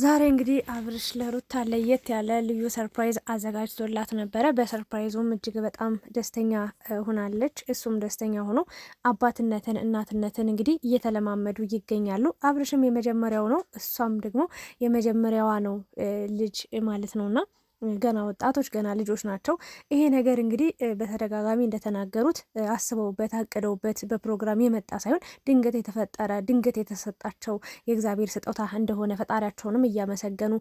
ዛሬ እንግዲህ አብርሽ ለሩታ ለየት ያለ ልዩ ሰርፕራይዝ አዘጋጅቶላት ነበረ። በሰርፕራይዙም እጅግ በጣም ደስተኛ ሆናለች። እሱም ደስተኛ ሆኖ አባትነትን እናትነትን እንግዲህ እየተለማመዱ ይገኛሉ። አብርሽም የመጀመሪያው ነው፣ እሷም ደግሞ የመጀመሪያዋ ነው ልጅ ማለት ነውና ገና ወጣቶች ገና ልጆች ናቸው። ይሄ ነገር እንግዲህ በተደጋጋሚ እንደተናገሩት አስበውበት አቅደውበት በፕሮግራም የመጣ ሳይሆን ድንገት የተፈጠረ ድንገት የተሰጣቸው የእግዚአብሔር ስጦታ እንደሆነ ፈጣሪያቸውንም እያመሰገኑ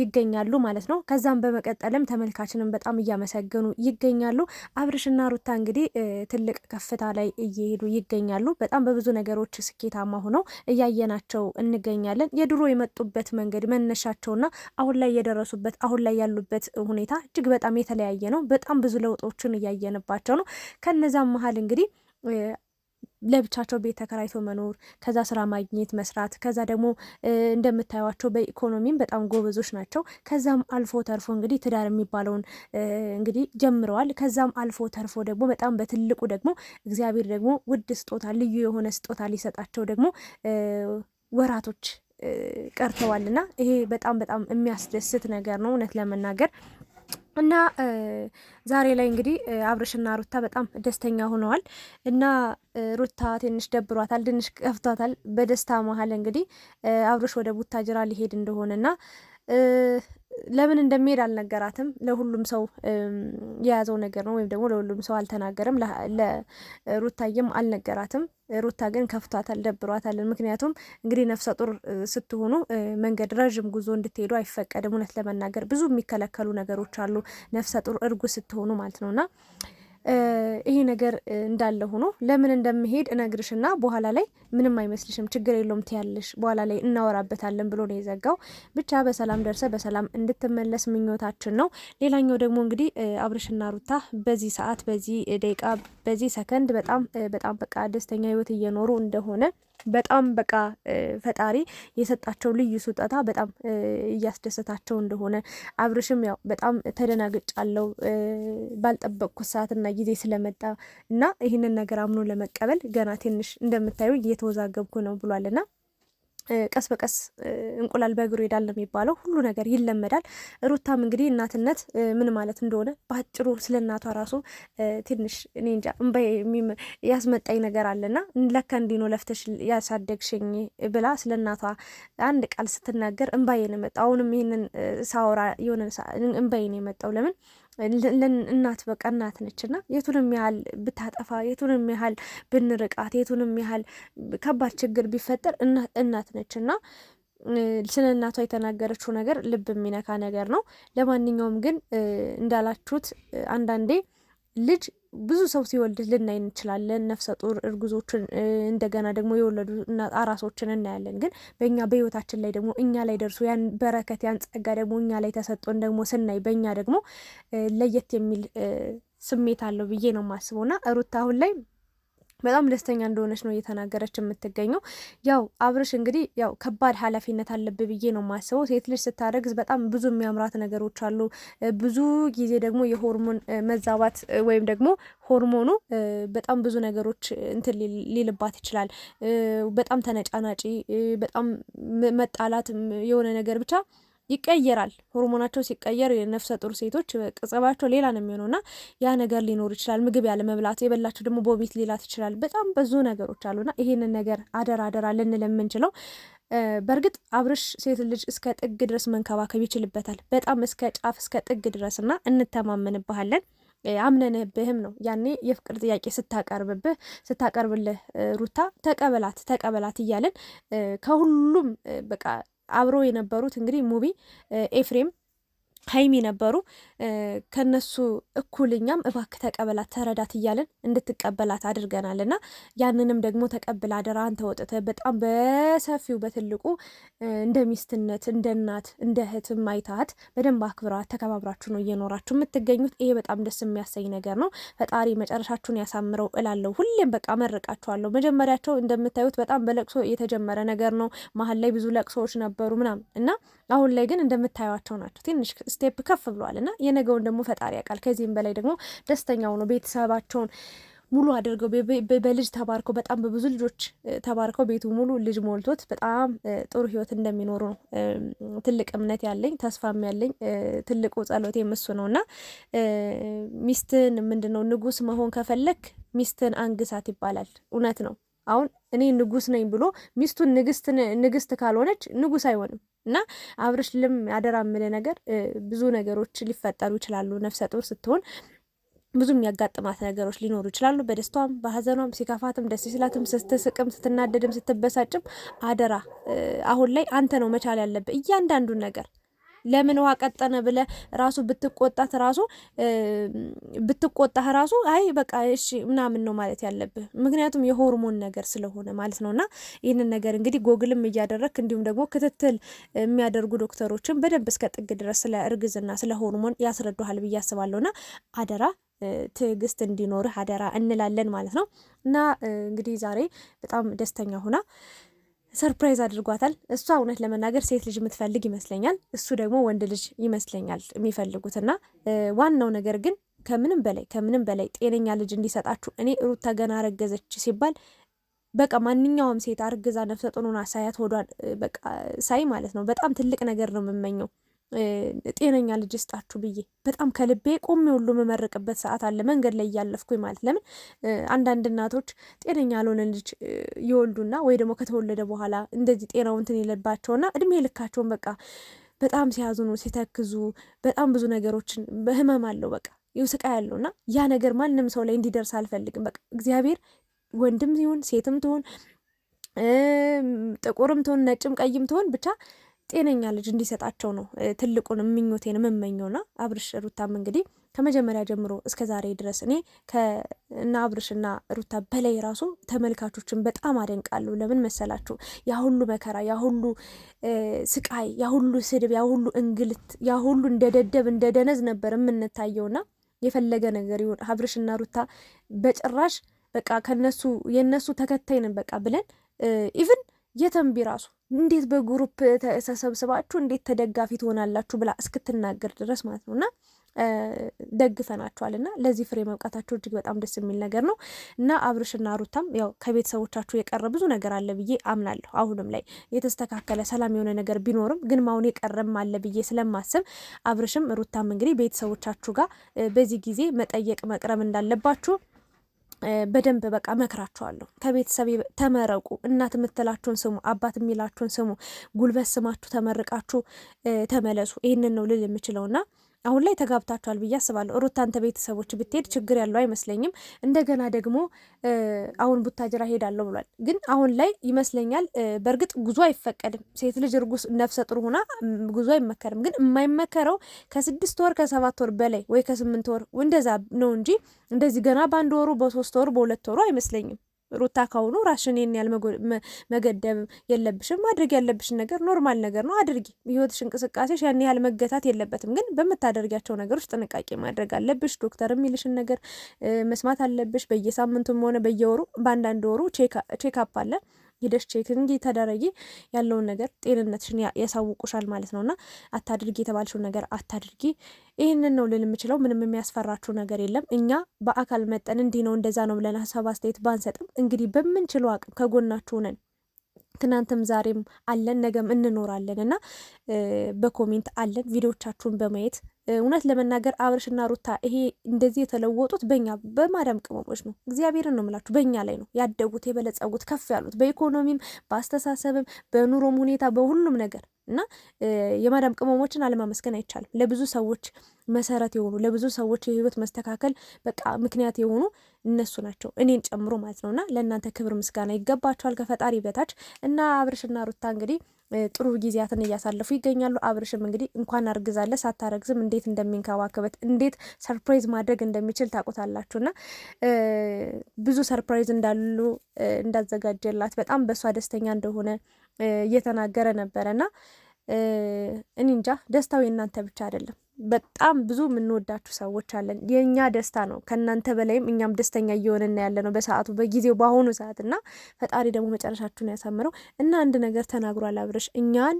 ይገኛሉ ማለት ነው። ከዛም በመቀጠልም ተመልካችንም በጣም እያመሰገኑ ይገኛሉ። አብርሽና ሩታ እንግዲህ ትልቅ ከፍታ ላይ እየሄዱ ይገኛሉ። በጣም በብዙ ነገሮች ስኬታማ ሆነው እያየናቸው እንገኛለን። የድሮ የመጡበት መንገድ መነሻቸውና አሁን ላይ የደረሱበት አሁን ላይ ላይ ያሉበት ሁኔታ እጅግ በጣም የተለያየ ነው። በጣም ብዙ ለውጦችን እያየንባቸው ነው። ከነዛም መሀል እንግዲህ ለብቻቸው ቤት ተከራይቶ መኖር፣ ከዛ ስራ ማግኘት መስራት፣ ከዛ ደግሞ እንደምታዩቸው በኢኮኖሚም በጣም ጎበዞች ናቸው። ከዛም አልፎ ተርፎ እንግዲህ ትዳር የሚባለውን እንግዲህ ጀምረዋል። ከዛም አልፎ ተርፎ ደግሞ በጣም በትልቁ ደግሞ እግዚአብሔር ደግሞ ውድ ስጦታ፣ ልዩ የሆነ ስጦታ ሊሰጣቸው ደግሞ ወራቶች ቀርተዋል እና ይሄ በጣም በጣም የሚያስደስት ነገር ነው እውነት ለመናገር እና ዛሬ ላይ እንግዲህ አብርሽና ሩታ በጣም ደስተኛ ሆነዋል እና ሩታ ትንሽ ደብሯታል፣ ትንሽ ከፍቷታል። በደስታ መሀል እንግዲህ አብርሽ ወደ ቡታጅራ ሊሄድ እንደሆነና ለምን እንደሚሄድ አልነገራትም። ለሁሉም ሰው የያዘው ነገር ነው፣ ወይም ደግሞ ለሁሉም ሰው አልተናገርም። ለሩታዬም አልነገራትም። ሩታ ግን ከፍቷታል፣ ደብሯታል። ምክንያቱም እንግዲህ ነፍሰ ጡር ስትሆኑ መንገድ ረዥም ጉዞ እንድትሄዱ አይፈቀድም። እውነት ለመናገር ብዙ የሚከለከሉ ነገሮች አሉ፣ ነፍሰ ጡር እርጉ ስትሆኑ ማለት ነውና ይሄ ነገር እንዳለ ሆኖ ለምን እንደምሄድ እነግርሽና በኋላ ላይ ምንም አይመስልሽም፣ ችግር የለውም ትያለሽ፣ በኋላ ላይ እናወራበታለን ብሎ ነው የዘጋው። ብቻ በሰላም ደርሰ በሰላም እንድትመለስ ምኞታችን ነው። ሌላኛው ደግሞ እንግዲህ አብርሽና ሩታ በዚህ ሰዓት፣ በዚህ ደቂቃ፣ በዚህ ሰከንድ በጣም በጣም በቃ ደስተኛ ህይወት እየኖሩ እንደሆነ በጣም በቃ ፈጣሪ የሰጣቸው ልዩ ስጦታ በጣም እያስደሰታቸው እንደሆነ አብርሽም ያው በጣም ተደናግጫለው ባልጠበቅኩት ሰዓትና ጊዜ ስለመጣ እና ይህንን ነገር አምኖ ለመቀበል ገና ትንሽ እንደምታዩ እየተወዛገብኩ ነው ብሏልና ቀስ በቀስ እንቁላል በእግሩ ይሄዳል የሚባለው ሁሉ ነገር ይለመዳል። ሩታም እንግዲህ እናትነት ምን ማለት እንደሆነ በአጭሩ ስለ እናቷ ራሱ ትንሽ እኔ እንጃ እምባ ያስመጣኝ ነገር አለና ለካ እንዲኖ ለፍተሽ ያሳደግሽኝ ብላ ስለ እናቷ አንድ ቃል ስትናገር እምባዬን የመጣው አሁንም ይህንን ሳወራ የሆነ እምባዬን የመጣው ለምን እናት በቃ እናት ነች እና የቱንም ያህል ብታጠፋ፣ የቱንም ያህል ብንርቃት፣ የቱንም ያህል ከባድ ችግር ቢፈጠር እናት ነች እና ስለ እናቷ የተናገረችው ነገር ልብ የሚነካ ነገር ነው። ለማንኛውም ግን እንዳላችሁት አንዳንዴ ልጅ ብዙ ሰው ሲወልድ ልናይ እንችላለን። ነፍሰ ጡር እርጉዞችን፣ እንደገና ደግሞ የወለዱ አራሶችን እናያለን። ግን በእኛ በህይወታችን ላይ ደግሞ እኛ ላይ ደርሶ ያን በረከት ያን ጸጋ ደግሞ እኛ ላይ ተሰጦን ደግሞ ስናይ በእኛ ደግሞ ለየት የሚል ስሜት አለው ብዬ ነው የማስበው እና ሩታ አሁን ላይ በጣም ደስተኛ እንደሆነች ነው እየተናገረች የምትገኘው። ያው አብርሽ እንግዲህ ያው ከባድ ኃላፊነት አለብ ብዬ ነው ማስበው። ሴት ልጅ ስታረግዝ በጣም ብዙ የሚያምራት ነገሮች አሉ። ብዙ ጊዜ ደግሞ የሆርሞን መዛባት ወይም ደግሞ ሆርሞኑ በጣም ብዙ ነገሮች እንትን ሊልባት ይችላል። በጣም ተነጫናጪ፣ በጣም መጣላት፣ የሆነ ነገር ብቻ ይቀየራል። ሆርሞናቸው ሲቀየር የነፍሰ ጡር ሴቶች ቅጽባቸው ሌላ ነው የሚሆነው እና ያ ነገር ሊኖር ይችላል። ምግብ ያለ መብላት፣ የበላቸው ደግሞ ቦቢት ሊላት ይችላል። በጣም ብዙ ነገሮች አሉና ይሄንን ነገር አደራ አደራ ልንል የምንችለው በእርግጥ አብርሽ ሴት ልጅ እስከ ጥግ ድረስ መንከባከብ ይችልበታል። በጣም እስከ ጫፍ እስከ ጥግ ድረስ እና እንተማመንባሃለን አምነንብህም ነው ያኔ የፍቅር ጥያቄ ስታቀርብብህ ስታቀርብልህ ሩታ ተቀበላት ተቀበላት እያለን ከሁሉም በቃ አብሮ የነበሩት እንግዲህ ሙቢ ኤፍሬም ሀይሚ ነበሩ። ከነሱ እኩል እኛም እባክህ ተቀበላት ተረዳት እያለን እንድትቀበላት አድርገናል እና ያንንም ደግሞ ተቀብል አደራ አንተ ወጥተህ በጣም በሰፊው በትልቁ እንደ ሚስትነት እንደ እናት እንደ እህት ማይታት በደንብ አክብራት ተከባብራችሁ ነው እየኖራችሁ የምትገኙት። ይሄ በጣም ደስ የሚያሰኝ ነገር ነው። ፈጣሪ መጨረሻችሁን ያሳምረው እላለሁ። ሁሌም በቃ መርቃችኋለሁ። መጀመሪያቸው እንደምታዩት በጣም በለቅሶ የተጀመረ ነገር ነው። መሀል ላይ ብዙ ለቅሶዎች ነበሩ ምናምን እና አሁን ላይ ግን እንደምታዩቸው ናቸው ትንሽ ስቴፕ ከፍ ብለዋል እና የነገውን ደግሞ ፈጣሪ ያውቃል። ከዚህም በላይ ደግሞ ደስተኛ ሆኖ ቤተሰባቸውን ሙሉ አድርገው በልጅ ተባርከው በጣም በብዙ ልጆች ተባርከው ቤቱ ሙሉ ልጅ ሞልቶት በጣም ጥሩ ህይወት እንደሚኖሩ ነው ትልቅ እምነት ያለኝ ተስፋም ያለኝ ትልቁ ጸሎት እሱ ነው እና ሚስትን ምንድነው ንጉስ መሆን ከፈለክ ሚስትን አንግሳት ይባላል። እውነት ነው። አሁን እኔ ንጉስ ነኝ ብሎ ሚስቱን ንግስት ካልሆነች ንጉስ አይሆንም። እና አብርሽ ልም አደራ ምል ነገር ብዙ ነገሮች ሊፈጠሩ ይችላሉ። ነፍሰ ጡር ስትሆን ብዙ የሚያጋጥማት ነገሮች ሊኖሩ ይችላሉ። በደስታዋም በሀዘኗም ሲከፋትም ደስ ሲላትም ስትስቅም ስትናደድም ስትበሳጭም፣ አደራ አሁን ላይ አንተ ነው መቻል ያለብህ እያንዳንዱን ነገር ለምን ውሃ ቀጠነ ብለ ራሱ ብትቆጣት ራሱ ብትቆጣህ ራሱ አይ በቃ እሺ ምናምን ነው ማለት ያለብህ። ምክንያቱም የሆርሞን ነገር ስለሆነ ማለት ነው። እና ይህንን ነገር እንግዲህ ጎግልም እያደረግ እንዲሁም ደግሞ ክትትል የሚያደርጉ ዶክተሮችን በደንብ እስከ ጥግ ድረስ ስለ እርግዝና ስለ ሆርሞን ያስረዱሃል ብዬ አስባለሁ። እና አደራ ትዕግስት እንዲኖርህ አደራ እንላለን ማለት ነው። እና እንግዲህ ዛሬ በጣም ደስተኛ ሁና። ሰርፕራይዝ አድርጓታል። እሷ እውነት ለመናገር ሴት ልጅ የምትፈልግ ይመስለኛል፣ እሱ ደግሞ ወንድ ልጅ ይመስለኛል የሚፈልጉትና ዋናው ነገር ግን ከምንም በላይ ከምንም በላይ ጤነኛ ልጅ እንዲሰጣችሁ እኔ ሩታ ገና አረገዘች ሲባል በቃ ማንኛውም ሴት አርግዛ ነፍሰ ጡር ሆና ሳያት ሆዷን በቃ ሳይ ማለት ነው በጣም ትልቅ ነገር ነው የምመኘው። ጤነኛ ልጅ ስጣችሁ ብዬ በጣም ከልቤ ቆሜ ሁሉ የምመርቅበት ሰዓት አለ፣ መንገድ ላይ እያለፍኩኝ ማለት። ለምን አንዳንድ እናቶች ጤነኛ ያልሆነ ልጅ ይወልዱና ወይ ደግሞ ከተወለደ በኋላ እንደዚህ ጤናው እንትን እድሜ ልካቸውን በቃ በጣም ሲያዝኑ ሲተክዙ፣ በጣም ብዙ ነገሮችን ህመም አለው በቃ ይውስቃ ያለው እና ያ ነገር ማንም ሰው ላይ እንዲደርስ አልፈልግም። በቃ እግዚአብሔር ወንድም ይሁን ሴትም ትሆን ጥቁርም ትሆን ነጭም ቀይም ትሆን ብቻ ጤነኛ ልጅ እንዲሰጣቸው ነው ትልቁን ምኞቴን ና አብርሽ ሩታም እንግዲህ ከመጀመሪያ ጀምሮ እስከ ዛሬ ድረስ እኔ አብርሽ አብርሽና ሩታ በላይ ራሱ ተመልካቾችን በጣም አደንቃለሁ። ለምን መሰላችሁ? ያሁሉ መከራ፣ ያሁሉ ሁሉ ስቃይ፣ ያሁሉ ስድብ፣ ያሁሉ ሁሉ እንግልት፣ ያሁሉ ሁሉ እንደ ደደብ እንደ ደነዝ ነበር የምንታየውና የፈለገ ነገር ይሁን አብርሽና ሩታ በጭራሽ በቃ ከነሱ የነሱ ተከታይ ነን በቃ ብለን ኢቭን የተንቢ ራሱ እንዴት በግሩፕ ተሰብስባችሁ እንዴት ተደጋፊ ትሆናላችሁ ብላ እስክትናገር ድረስ ማለት ነው እና ደግፈናቸዋል እና ለዚህ ፍሬ መብቃታቸው እጅግ በጣም ደስ የሚል ነገር ነው እና አብርሽና ሩታም ያው ከቤተሰቦቻችሁ የቀረ ብዙ ነገር አለ ብዬ አምናለሁ። አሁንም ላይ የተስተካከለ ሰላም የሆነ ነገር ቢኖርም ግን ማሁን የቀረም አለ ብዬ ስለማስብ አብርሽም ሩታም እንግዲህ ቤተሰቦቻችሁ ጋር በዚህ ጊዜ መጠየቅ መቅረብ እንዳለባችሁ በደንብ በቃ መክራችኋለሁ። ከቤተሰብ ተመረቁ። እናት የምትላችሁን ስሙ፣ አባት የሚላችሁን ስሙ። ጉልበት ስማችሁ ተመርቃችሁ ተመለሱ። ይህንን ነው ልል የምችለውና አሁን ላይ ተጋብታችኋል ብዬ አስባለሁ። ሩታ አንተ ቤተሰቦች ብትሄድ ችግር ያለው አይመስለኝም። እንደገና ደግሞ አሁን ቡታጅራ ሄዳለሁ ብሏል። ግን አሁን ላይ ይመስለኛል በእርግጥ ጉዞ አይፈቀድም። ሴት ልጅ እርጉስ ነፍሰ ጥሩ ሆና ጉዞ አይመከርም። ግን የማይመከረው ከስድስት ወር ከሰባት ወር በላይ ወይ ከስምንት ወር እንደዛ ነው እንጂ እንደዚህ ገና በአንድ ወሩ በሶስት ወሩ በሁለት ወሩ አይመስለኝም። ሩታ ካሁኑ ራሽን ይህን ያህል መገደብ የለብሽም። ማድረግ ያለብሽን ነገር ኖርማል ነገር ነው አድርጊ። ህይወትሽ እንቅስቃሴሽ ያን ያህል መገታት የለበትም። ግን በምታደርጊያቸው ነገሮች ጥንቃቄ ማድረግ አለብሽ። ዶክተር የሚልሽን ነገር መስማት አለብሽ። በየሳምንቱም ሆነ በየወሩ በአንዳንድ ወሩ ቼክ አፕ አለ ሂደሽ ቼክ እንዲ ተደረጊ ያለውን ነገር ጤንነትሽን ያሳውቁሻል ማለት እና አታድርጊ የተባልሽውን ነገር አታድርጊ። ይህንን ነው ልል የምችለው። ምንም የሚያስፈራችሁ ነገር የለም። እኛ በአካል መጠን እንዲህ ነው እንደዛ ነው ብለን ሀሳብ አስተያየት ባንሰጥም እንግዲህ በምንችለው አቅም ከጎናችሁ ነን። ትናንትም ዛሬም አለን ነገም እንኖራለን እና በኮሜንት አለን። ቪዲዮቻችሁን በማየት እውነት ለመናገር አብርሽና ሩታ ይሄ እንደዚህ የተለወጡት በኛ በማዳም ቅመሞች ነው። እግዚአብሔርን ነው የምላችሁ፣ በእኛ ላይ ነው ያደጉት፣ የበለጸጉት፣ ከፍ ያሉት በኢኮኖሚም፣ በአስተሳሰብም፣ በኑሮም ሁኔታ በሁሉም ነገር እና የማዳም ቅመሞችን አለማመስገን አይቻልም። ለብዙ ሰዎች መሰረት የሆኑ ለብዙ ሰዎች የህይወት መስተካከል በቃ ምክንያት የሆኑ እነሱ ናቸው፣ እኔን ጨምሮ ማለት ነው። እና ለእናንተ ክብር ምስጋና ይገባቸዋል ከፈጣሪ በታች እና አብርሽና ሩታ እንግዲህ ጥሩ ጊዜያትን እያሳለፉ ይገኛሉ። አብርሽም እንግዲህ እንኳን አርግዛለ ሳታረግዝም እንዴት እንደሚንከባከበት እንዴት ሰርፕራይዝ ማድረግ እንደሚችል ታውቁታላችሁና ብዙ ሰርፕራይዝ እንዳሉ እንዳዘጋጀላት በጣም በእሷ ደስተኛ እንደሆነ እየተናገረ ነበረና እኔ እንጃ ደስታው የእናንተ ብቻ አይደለም። በጣም ብዙ የምንወዳችሁ ሰዎች አለን። የእኛ ደስታ ነው ከእናንተ በላይም እኛም ደስተኛ እየሆንና ያለ ነው በሰዓቱ በጊዜው በአሁኑ ሰዓት እና ፈጣሪ ደግሞ መጨረሻችሁን ያሳምረው እና አንድ ነገር ተናግሯል አብርሽ እኛን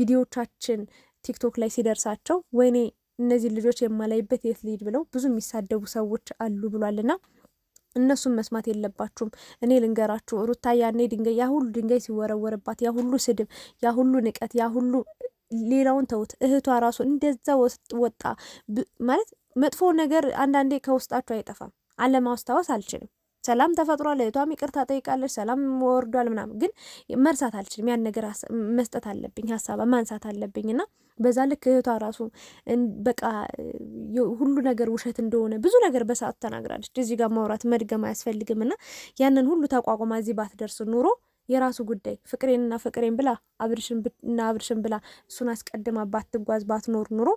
ቪዲዮቻችን ቲክቶክ ላይ ሲደርሳቸው ወይኔ እነዚህ ልጆች የማላይበት የት ልሂድ ብለው ብዙ የሚሳደቡ ሰዎች አሉ ብሏልና እነሱን መስማት የለባችሁም። እኔ ልንገራችሁ ሩታ ያኔ ድንጋይ ያ ሁሉ ድንጋይ ሲወረወርባት ያ ሁሉ ስድብ ያ ሁሉ ንቀት ያ ሁሉ ሌላውን ተውት። እህቷ ራሱ እንደዛ ውስጥ ወጣ ማለት መጥፎ ነገር አንዳንዴ ከውስጣችሁ አይጠፋም። አለማስታወስ አልችልም። ሰላም ተፈጥሯል፣ እህቷም ይቅርታ ጠይቃለች፣ ሰላም ወርዷል ምናምን፣ ግን መርሳት አልችልም። ያን ነገር መስጠት አለብኝ፣ ሀሳብ ማንሳት አለብኝ እና በዛ ልክ እህቷ ራሱ በቃ ሁሉ ነገር ውሸት እንደሆነ ብዙ ነገር በሰዓቱ ተናግራለች። እዚህ ጋር ማውራት መድገም አያስፈልግም እና ያንን ሁሉ ተቋቁማ እዚህ ባትደርስ ኑሮ የራሱ ጉዳይ ፍቅሬንና ፍቅሬን ብላ አብርሽንና አብርሽን ብላ እሱን አስቀድማ ባትጓዝ ባትኖር ኑሮ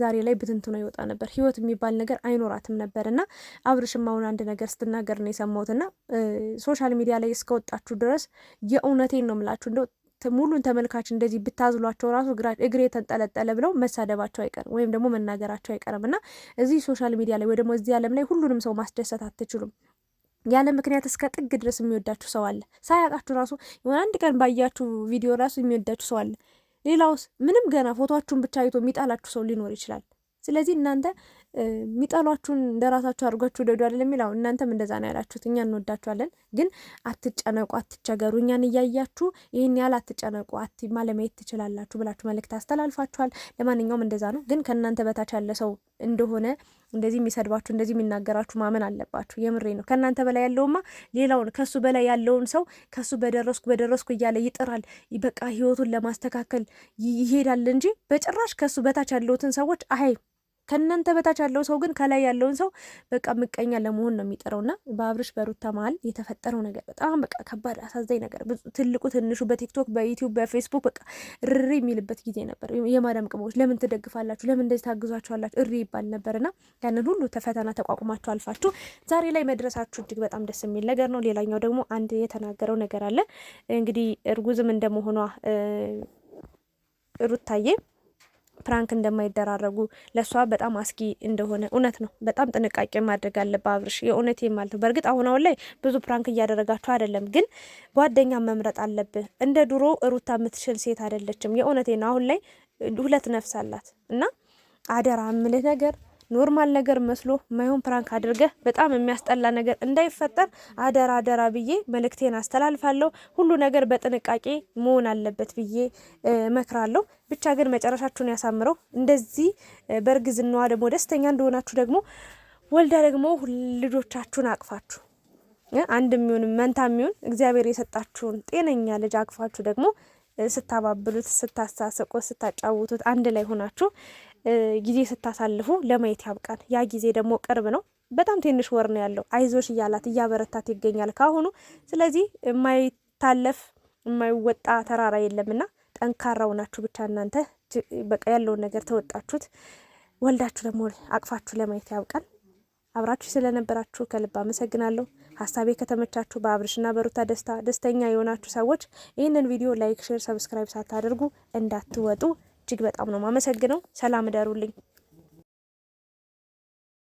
ዛሬ ላይ ብትንትኖ ይወጣ ነበር። ህይወት የሚባል ነገር አይኖራትም ነበር እና አብርሽም አሁን አንድ ነገር ስትናገር ነው የሰማሁት እና ሶሻል ሚዲያ ላይ እስከወጣችሁ ድረስ የእውነቴን ነው ምላችሁ እንደው ሙሉን ተመልካች እንደዚህ ብታዝሏቸው ራሱ እግሬ ተንጠለጠለ ብለው መሳደባቸው አይቀርም ወይም ደግሞ መናገራቸው አይቀርም እና እዚህ ሶሻል ሚዲያ ላይ ወይ ደግሞ እዚህ ዓለም ላይ ሁሉንም ሰው ማስደሰት አትችሉም። ያለ ምክንያት እስከ ጥግ ድረስ የሚወዳችሁ ሰው አለ። ሳያውቃችሁ ራሱ የሆነ አንድ ቀን ባያችሁ ቪዲዮ ራሱ የሚወዳችሁ ሰው አለ። ሌላውስ ምንም ገና ፎቶችሁን ብቻ አይቶ የሚጣላችሁ ሰው ሊኖር ይችላል። ስለዚህ እናንተ የሚጠሏችሁን እንደ ራሳችሁ አድርጓችሁ ውደዱ አይደለም የሚለው። እናንተም እንደዛ ነው ያላችሁት። እኛ እንወዳችኋለን፣ ግን አትጨነቁ፣ አትቸገሩ። እኛን እያያችሁ ይህን ያህል አትጨነቁ፣ አትማ ለማየት ትችላላችሁ ብላችሁ መልእክት አስተላልፋችኋል። ለማንኛውም እንደዛ ነው፣ ግን ከእናንተ በታች ያለ ሰው እንደሆነ እንደዚህ የሚሰድባችሁ እንደዚህ የሚናገራችሁ ማመን አለባችሁ። የምሬ ነው። ከእናንተ በላይ ያለውማ ሌላውን ከሱ በላይ ያለውን ሰው ከሱ በደረስኩ በደረስኩ እያለ ይጥራል። በቃ ህይወቱን ለማስተካከል ይሄዳል እንጂ በጭራሽ ከሱ በታች ያለውትን ሰዎች አይ ከእናንተ በታች ያለው ሰው ግን ከላይ ያለውን ሰው በቃ ምቀኛ ለመሆን ነው የሚጠራውና በአብርሽ በሩታ መሀል የተፈጠረው ነገር በጣም በቃ ከባድ አሳዛኝ ነገር፣ ትልቁ ትንሹ በቲክቶክ በዩቲዩብ በፌስቡክ በቃ እሪ የሚልበት ጊዜ ነበር። የማዳም ቅመሞች ለምን ትደግፋላችሁ? ለምን እንደዚህ ታግዟችኋላችሁ? እሪ ይባል ነበርና ያንን ሁሉ ተፈተና ተቋቁማችሁ አልፋችሁ ዛሬ ላይ መድረሳችሁ እጅግ በጣም ደስ የሚል ነገር ነው። ሌላኛው ደግሞ አንድ የተናገረው ነገር አለ እንግዲህ እርጉዝም እንደመሆኗ ሩታዬ ፕራንክ እንደማይደራረጉ ለእሷ በጣም አስጊ እንደሆነ እውነት ነው። በጣም ጥንቃቄ ማድረግ አለበት አብርሽ፣ የእውነቴ ማለት ነው። በእርግጥ አሁን አሁን ላይ ብዙ ፕራንክ እያደረጋቸው አይደለም፣ ግን ጓደኛ መምረጥ አለብህ። እንደ ድሮ ሩታ የምትችል ሴት አይደለችም። የእውነቴ ነው። አሁን ላይ ሁለት ነፍስ አላት እና አደራ ምልህ ነገር ኖርማል ነገር መስሎ ማይሆን ፕራንክ አድርገህ በጣም የሚያስጠላ ነገር እንዳይፈጠር አደራ አደራ ብዬ መልእክቴን አስተላልፋለሁ። ሁሉ ነገር በጥንቃቄ መሆን አለበት ብዬ እመክራለሁ። ብቻ ግን መጨረሻችሁን ያሳምረው። እንደዚህ በእርግዝናዋ ደግሞ ደስተኛ እንደሆናችሁ ደግሞ ወልዳ ደግሞ ልጆቻችሁን አቅፋችሁ አንድ የሚሆን መንታ የሚሆን እግዚአብሔር የሰጣችሁን ጤነኛ ልጅ አቅፋችሁ ደግሞ ስታባብሉት፣ ስታሳስቁት፣ ስታጫውቱት አንድ ላይ ሆናችሁ ጊዜ ስታሳልፉ ለማየት ያብቃን። ያ ጊዜ ደግሞ ቅርብ ነው። በጣም ትንሽ ወር ነው ያለው። አይዞሽ እያላት እያበረታት ይገኛል ካሁኑ። ስለዚህ የማይታለፍ የማይወጣ ተራራ የለምና ጠንካራው ናችሁ። ብቻ እናንተ በቃ ያለውን ነገር ተወጣችሁት። ወልዳችሁ ደግሞ አቅፋችሁ ለማየት ያብቃን። አብራችሁ ስለነበራችሁ ከልብ አመሰግናለሁ። ሀሳቤ ከተመቻችሁ በአብርሽና በሩታ ደስታ ደስተኛ የሆናችሁ ሰዎች ይህንን ቪዲዮ ላይክ፣ ሼር፣ ሰብስክራይብ ሳታደርጉ እንዳትወጡ እጅግ በጣም ነው ማመሰግነው። ሰላም እደሩልኝ።